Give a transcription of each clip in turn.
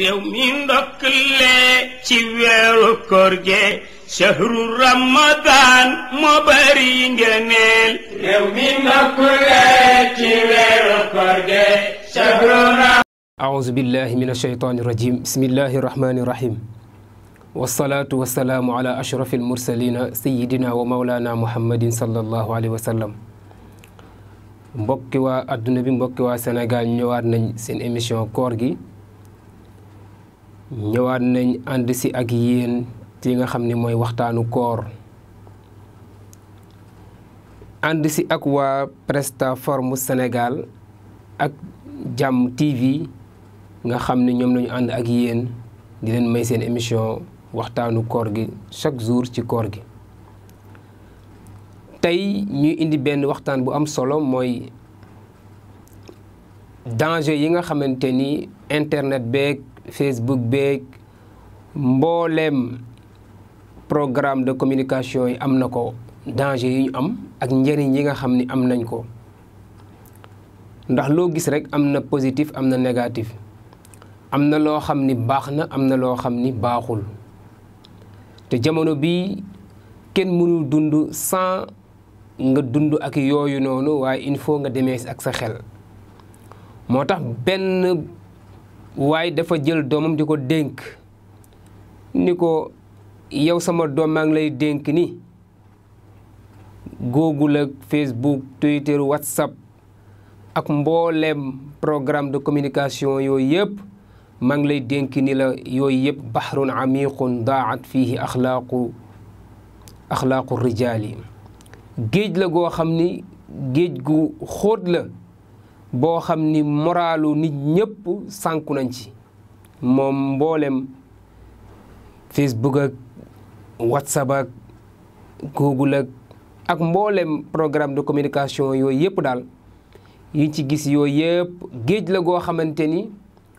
réew mi ndokkalee ci weeru koor ge shahru ramadan moo bari ngëneel réew mi ndokkalee ci weeru koor ge shahru ramadan أعوذ بالله من الشيطان الرجيم بسم الله الرحمن الرحيم والصلاة والسلام على أشرف المرسلين سيدنا ومولانا محمد صلى الله عليه وسلم mbokki waa adduna bi mbokki waa Sénégal ñëwaat nañ seen émission koor gi ñëwaat nañ ànd si ak yéen ci nga xam ni mooy waxtaanu koor ànd si ak waa forme Sénégal ak Jàmm TV nga xam ne ñoom lañu ànd ak yéen di leen may seen émission waxtaanu koor gi chaque jour ci koor gi tey ñuy indi benn waxtaan bu am solo mooy danger yi nga xamante ni internet beeg Facebook beeg mbooleem programme de communication yi am na ko danger yi ñu am ak njëriñ yi nga xam ni am nañ ko ndax loo gis rek am na positif am na négatif am na loo xam ni baax na am na loo xam ni baaxul te jamono bii kenn mënul dund sans nga dund ak yooyu noonu waaye il faut nga demee ak sa xel moo tax benn waaye dafa jël doomam di ko dénk ni ko yow sama doom maa lay dénk ni Google ak Facebook Twitter WhatsApp ak mbooleem programme de communication yooyu yëpp maa ngi lay dénk ni la yooyu yëpp bahrun amiqun daat fihi axlaaqu axlaaqu yi géej la goo xam ni géej gu xóot la boo xam ni moraalu nit ñëpp sànku nañ ci moom mboolem Facebook ak WhatsApp ak Google ak ak mboolem programme de communication yooyu yëpp daal yi ci gis yooyu yëpp géej la goo xamante ni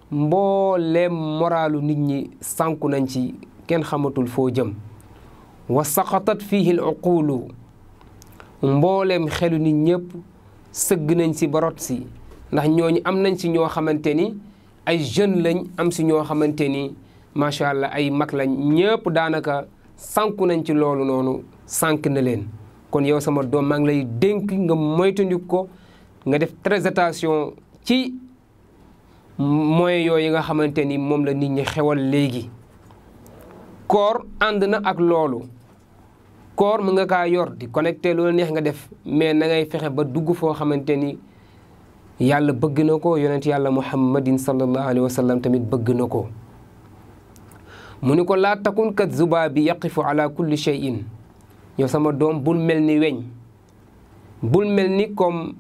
mboolem moralu nit ñi sànku nañ ci kenn xamatul foo jëm wa saqatat fiihi al uqulu mboolem xelu nit ñëpp sëgg nañ si barot si ndax ñooñu am nañ si ñoo xamante ni ay jeunes lañ am si ñoo xamante ni macha allah ay mag lañ ñëpp daanaka sànku nañ ci loolu noonu sànk na leen. kon yow sama doom maa ngi lay dénk nga moytandiku ko nga def très ci moyens yooyu nga xamante ni moom la nit ñi xewal léegi koor ànd na ak loolu. koor mën nga kaa yor di connecté loolu neex nga def mais na ngay fexe ba dugg foo xamante ni yàlla bëgg na ko yonent yàlla muhammadin sallallahu alayhi wa sallam tamit bëgg na ko mu ni ko laa takun kat zuba bi yaqifu ala kulli shay'in yow sama doom bul mel ni weñ bul mel ni comme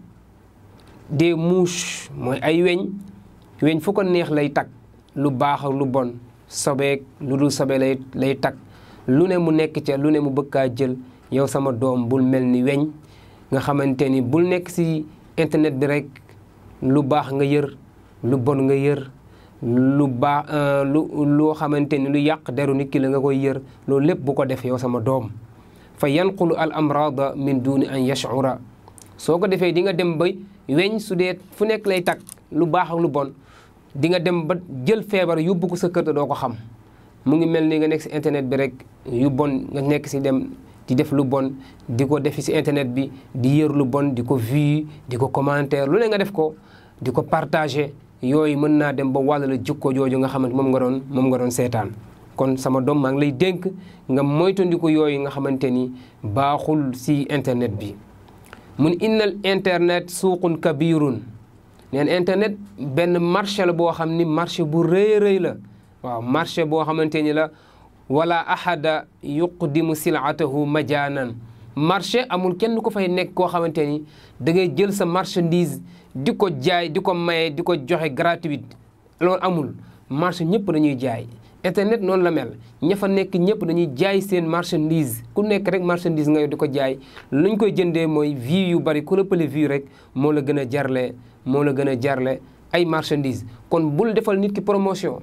des mouches mooy ay weñ weñ fu ko neex lay tag lu baax ak lu bon sobeek lu dul sobe lay lay tag lu ne mu nekk ca lu ne mu bëgg kaa jël yow sama doom bul mel ni weñ nga xamante ni bul nekk si internet bi rek lu baax nga yër lu bon nga yër lu baax euh, lu loo xamante ni lu yàq deru ni ki nga koy yër loolu lépp bu ko def yow sama doom fa yanqulu al amrada min duni an yashura soo ko defee di nga dem ba weñ su dee fu nekk lay takk lu baax lu bon di nga dem ba jël feebar yóbbu ko sa kër doo ko xam mu ngi mel ni nga nekk si internet bi rek yu bon nga nekk si dem di def lu bon di ko defi si internet bi di yër lu bon di ko vu di ko commentaire lu ne nga def ko di ko partagé yooyu mën naa dem ba wàll la jikko jooju nga xamante moom nga doon moom nga doon seetaan kon sama doom maa ngi lay dénk nga moytandiku yooyu nga xamante ni baaxul si internet bi mun innal internet suuqun kabirun neen internet benn marché la boo xam ni marché bu rëy rëy la waaw marché boo xamante ni la wala ahada yuqdimu silatahu majaanan marché amul kenn ku fay nekk koo xamante ni da ngay jël sa marchandise di ko jaay di ko maye di ko joxe gratuit loolu amul marché ñëpp dañuy jaay internet noonu la mel ña fa nekk ñëpp dañuy jaay seen marchandise ku nekk rek marchandise nga di ko jaay ñu koy jëndee mooy vie yu bari ku la pële vie rek moo la gën a jarle moo la gën a jarle ay marchandise kon bul defal nit ki promotion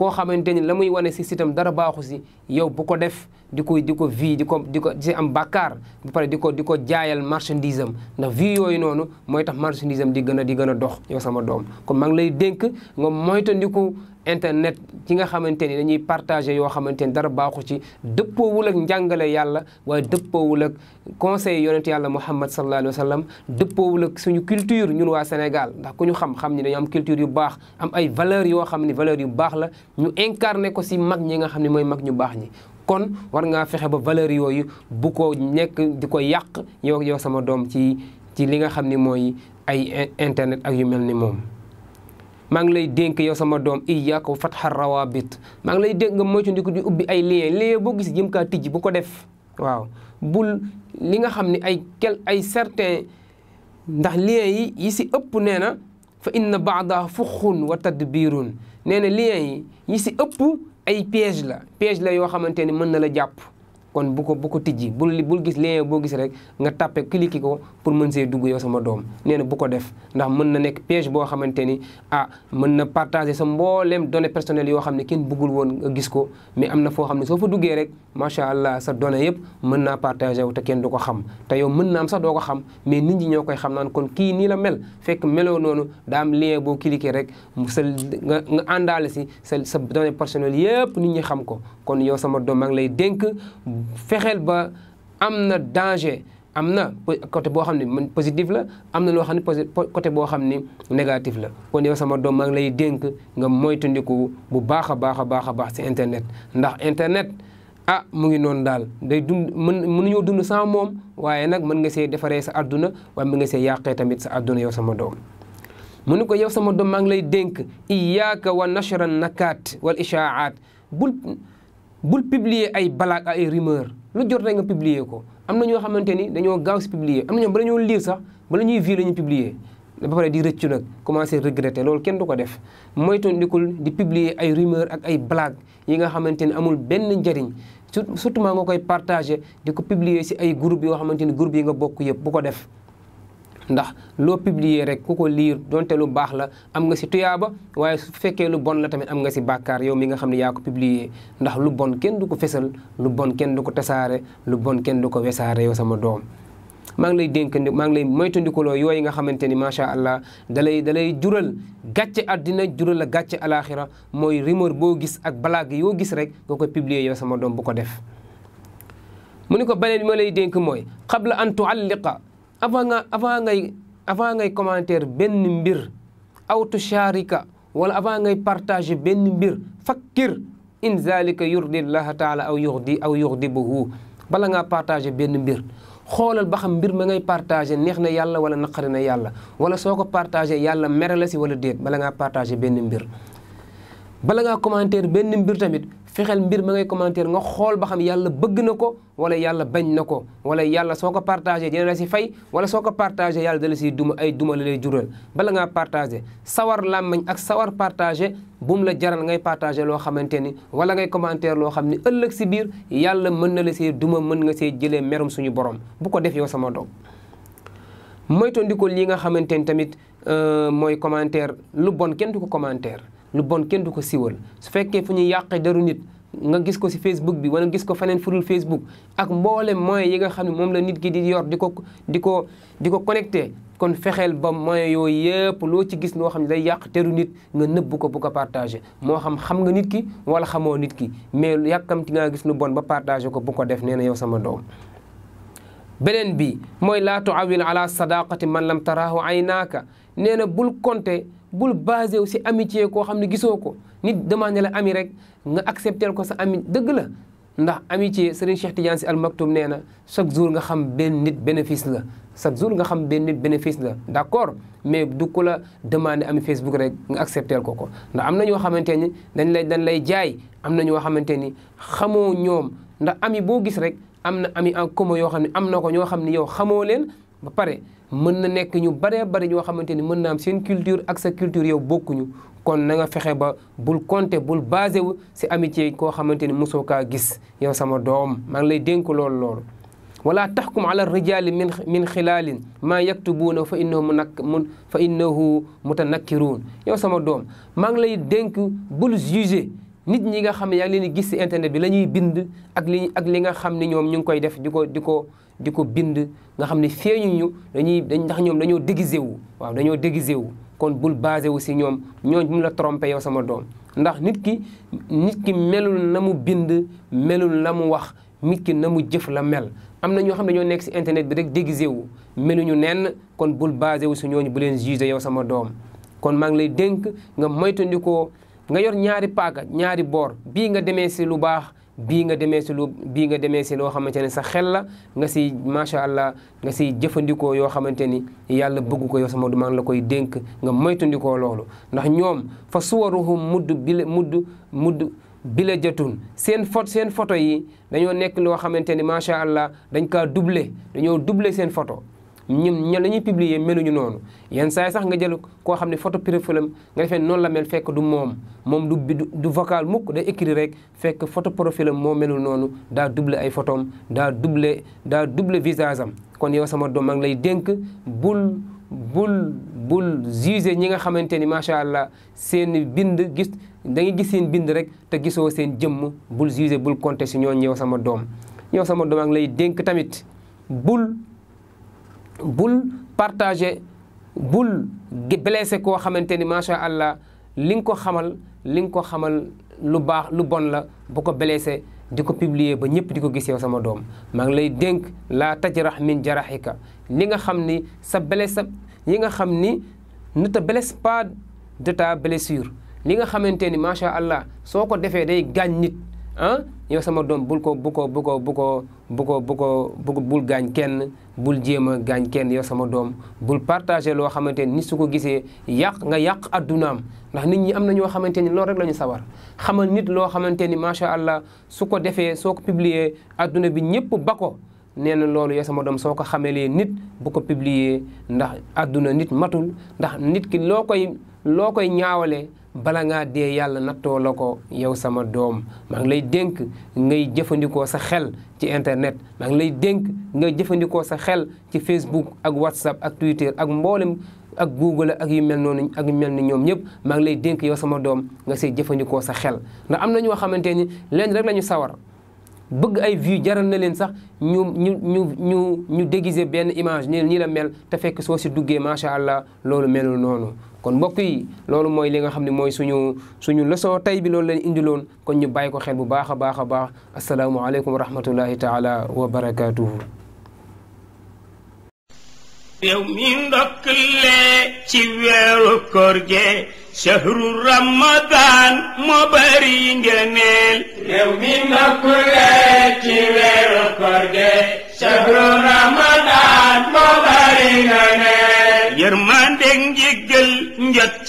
koo xamante ni la muy wane si sitam dara baaxu si yow bu ko def di ko di ko vie di ko di ko si am bàkkaar bu pare di ko di ko jaayal marchandise ndax vie yooyu noonu mooy tax marchandise di gën a di gën a dox yow sama doom kon mag lay dénk nga moytandiku internet ci nga xamante ni dañuy partager yoo xamante ni dara baaxu ci dëppoowul ak njàngale yàlla waaye dëppoowul ak conseil yonent yàlla Muhammad sallallahu alayhi wa sallam dëppoowul ak suñu culture ñun waa Sénégal ndax ku ñu xam xam ni dañu am culture yu baax am ay valeurs yoo xam ni valeur yu baax la ñu incarné ko si mag ñi nga xam ne mooy mag ñu baax ñi kon war ngaa fexe ba valeurs yooyu bu ko nekk di ko yàq yow yow sama doom ci ci li nga xam ni mooy ay internet ak yu mel ni moom maa ngi lay dénk yow sama doom fat fatha rawabit maa ngi lay dénk nga moytandiku di ubbi ay lien lien boo gis jëm kaa tijji bu ko def waaw bul li nga xam ni ay quel ay certain ndax lien yi yi si ëpp nee na fa inna baada fuxun wa tadbirun nee na lien yi yi si ëpp ay piège la piège la yoo xamante ne mën na la jàpp kon bu ko bu ko tijji bul bul gis lien boo gis rek nga tappee cliquer ko pour mën see dugg yow sama doom nee na bu ko def ndax mën na nekk piège boo xamante ni ah mën na partager sa mbooleem données personnelles yoo xam ne kenn bëggul woon gis ko mais am na foo xam ne soo duggee rek macha allah sa données yëpp mën naa partager wu te kenn du ko xam te yow mën naa am sax doo ko xam mais nit ñi ñoo koy xam naan kon kii nii la mel fekk meloo noonu daa am lien boo cliquer rek sa nga nga àndaale si sa sa données personnelles yëpp nit ñi xam ko kon yow sama doom maa lay dénk fexeel ba am na danger am na côté boo xam ne man positif la am na loo xam ne côté boo xam ne négatif la kon yow sama doom maa ngi lay dénk nga moytandiku bu baax a baax a baax a baax si internet ndax internet. ah mu ngi noonu daal day dund mën mënuñoo dund sans moom waaye nag mën nga see defaree sa adduna waaye mën nga see yàqee tamit sa àdduna yow sama doom mu ko yow sama doom maa lay dénk iyaaka wa nashra nakaat wal ishaaat bul piblier ay balaak ay rumeur lu jot rek nga publier ko am na ñoo xamante ni dañoo gaaw si publier am na ñoom bala ñoo lire sax bala ñuy vie la ñu piblier ba pare di rëccu nag commencé regretter loolu kenn du ko def moytandikul di publier ay rumeur ak ay blague yi nga xamante ni amul benn njariñ surtout maa nga koy partagé di ko publier si ay groupe yoo xamante ni groupe yi nga bokk yëpp bu ko def ndax loo publier rek ku ko liir donte lu baax la am nga si tuyaaba waaye su fekkee lu bon la tamit am nga si bàkkaar yow mi nga xam ne yaa ko publier ndax lu bon kenn du ko fesal lu bon kenn du ko tasaare lu bon kenn du ko wesaare yow sama doom maa ngi lay dénk maa ngi lay moytandikuloo yooyu nga xamante ni macha allah dalay dalay jural gàcce àddina jural la gàcce alaaxira mooy rumeur boo gis ak blague yoo gis rek nga koy publier yow sama doom bu ko def mu ni ko beneen ma lay dénk mooy qabla an avant nga avant ngay avant ngay commentaire benn mbir aw tusharika wala avant ngay partager benn mbir fakkir in zalika yurdi llaha taala aw yurdi aw yurdibuhu bala ngaa partager benn mbir xoolal ba xam mbir ma ngay partagé neex na yàlla wala naqari na yàlla wala soo ko partagé yàlla mere la si wala déet bala ngaa partagé benn mbir bala ngaa commentaire benn mbir tamit fexeel mbir ma ngay commentaire nga xool ba xam yàlla bëgg na ko wala yàlla bañ na ko wala yàlla soo ko partagé dina la si fay wala soo ko partagé yàlla dala si duma ay duma la jural bala ngaa partagé sawar làmmañ ak sawar partagé bum la jaral ngay partagé loo xamante ni wala ngay commentaire loo xam ni ëllëg si biir yàlla mën na la see duma mën nga see jëlee merum suñu borom bu ko def yow sama doom moytandiko lii nga xamante ni tamit euh, mooy commentaire lu bon kenn du ko commentaire lu bon kenn du ko siwal su fekkee fu ñuy yàqe deru nit nga gis ko si Facebook bi wala gis ko feneen furul Facebook ak mboolem moyens yi nga xam ne moom la nit gi di yor di ko di ko di ko connecté kon fexeel ba moyens yooyu yëpp loo ci gis loo xam ne day yàq teru nit nga nëbb ko bu ko partagé moo xam xam nga nit ki wala xamoo nit ki mais ti ngaa gis lu bon ba partagé ko bu ko def nee na yow sama doom beneen bi mooy laa tuawil ala sadaqati man lam tarahu aynaaka nee na bul compter bul basé wu si amitié koo xam ne gisoo ko nit demandé la ami rek nga accepter ko sa ami dëgg la ndax amitié Serigne Cheikh nee na chaque jour nga xam benn nit bénéfice la chaque jour nga xam benn bénéfice la accord mais du ko la demandé ami Facebook rek nga accepter ko ko ndax am na ñoo xamante ni dañ lay dañ lay jaay am na ñoo xamante ni xamoo ñoom ndax ami boo gis rek am na ami en commun yoo xam ne am na ko ñoo xam ne yow xamoo leen ba pare mën na nekk ñu baree bari ñoo xamante ni mën na am seen culture ak sa culture yow bokkuñu kon nanga fexe ba bul compter bul basé wu si amitié koo xamante ni mosoo kaa gis yow sama doom maa ngi lay dénk loolu loolu wala taxkum ala rijali min min xilaalin maa yaktubuuna fa innahu mu nak mun fa innahu mutanakkiruun yow sama doom maa ngi lay dénk bul juger nit ñi nga xam ne yaa ngi leen di gis si internet bi la ñuy bind ak li ak li nga xam ne ñoom ñu ngi koy def di ko di ko di ko bind nga xam ne ñu dañuy dañ ndax ñoom dañoo déguisé wu waaw dañoo déguisé wu kon bul basé wu si ñoom ñooñ mu la trompé yow sama doom ndax nit ki nit ki melul na mu bind melul na mu wax nit ki na mu jëf la mel am na ñoo xam ne dañoo nekk si internet bi rek déguisé wu meluñu nenn kon bul basé wu si ñooñu bu leen jugé yow sama doom kon maa ngi lay dénk nga moytandikoo nga yor ñaari paaka ñaari boor bii nga demee si lu baax bii nga demee si lu bii nga demee si loo xamante ne sa xel la nga si macha allah nga si jëfandikoo yoo xamante ni yàlla bugg ko yow sama du maa la koy dénk nga moytandikoo loolu ndax ñoom fa suwaruhum mudd bile mudd mudd bile jatun seen fot seen foto yi dañoo nekk loo xamante ni macha allah dañ kaa duble dañoo doublé seen photo ñun ña la ñuy publier meluñu noonu yenn saa sax nga jël koo xam ne photo profilam nga defee noonu la mel fekk du moom moom du du vocal mukk day écrit rek fekk photo profilam moo melul noonu daa duble ay photom daa double daa double visage am kon yow sama doom maa lay dénk bul bul bul juger ñi nga xamante ni macha allah seen bind gis da ngay gis seen bind rek te gisoo seen jëmm bul juger bul compter si ñooñu yow sama doom yow sama doom lay dénk tamit bul bul partagé bul blessé koo xamante ni macha allah li nga ko xamal li nga ko xamal lu baax lu bon la bu ko blessé di ko publier ba ñëpp di ko gis yow sama doom mag lay dénk laa tajrax min jaraxika li nga xam ni sa blessé yi nga xam ni ne te blesse pas de blessure li nga xamante ni macha allah soo ko defee day gaañ nit ah yow sama doom bul ko bu ko bu ko bu ko bu ko bu ko bul gaañ kenn bul jéem a gaañ kenn yow sama doom bul partagé loo xamante ni su ko gisee yàq nga yàq addunaam ndax nit ñi am na ñoo xamante ni loolu rek la ñu sawar xamal nit loo xamante ni macha allah su ko defee soo ko publier adduna bi ñëpp ba ko nee na loolu yow sama doom soo ko xamelee nit bu ko publier ndax adduna nit matul ndax nit ki loo koy loo koy ñaawalee bala ngaa dee yàlla nattoo la ko yow sama doom maa lay dénk ngay jëfandikoo sa xel ci internet maa lay dénk ngay jëfandikoo sa xel ci Facebook ak WhatsApp ak Twitter ak mboolem ak Google ak yu mel noonu ak mel ni ñoom ñëpp maa lay dénk yow sama doom nga see jëfandikoo sa xel ndax am na ñoo xamante ni leen rek la sawar bëgg ay vues jaral na leen sax ñu ñu ñu ñu ñu déguiser benn image nii la mel te fekk soo si duggee macha allah loolu melul noonu. kon mbokk yi loolu mooy li nga xam ne mooy suñu suñu leçon tey bi loolu lañ indiloon kon ñu bàyyi ko xel bu baax a baax a baax asalaamualeykum wa rahmatullahi taala wa barakaatuhu yow mi ndokkalee ci weeru koor shahru ramadan moo bari ngëneel yow mi ndokkalee ci இங்க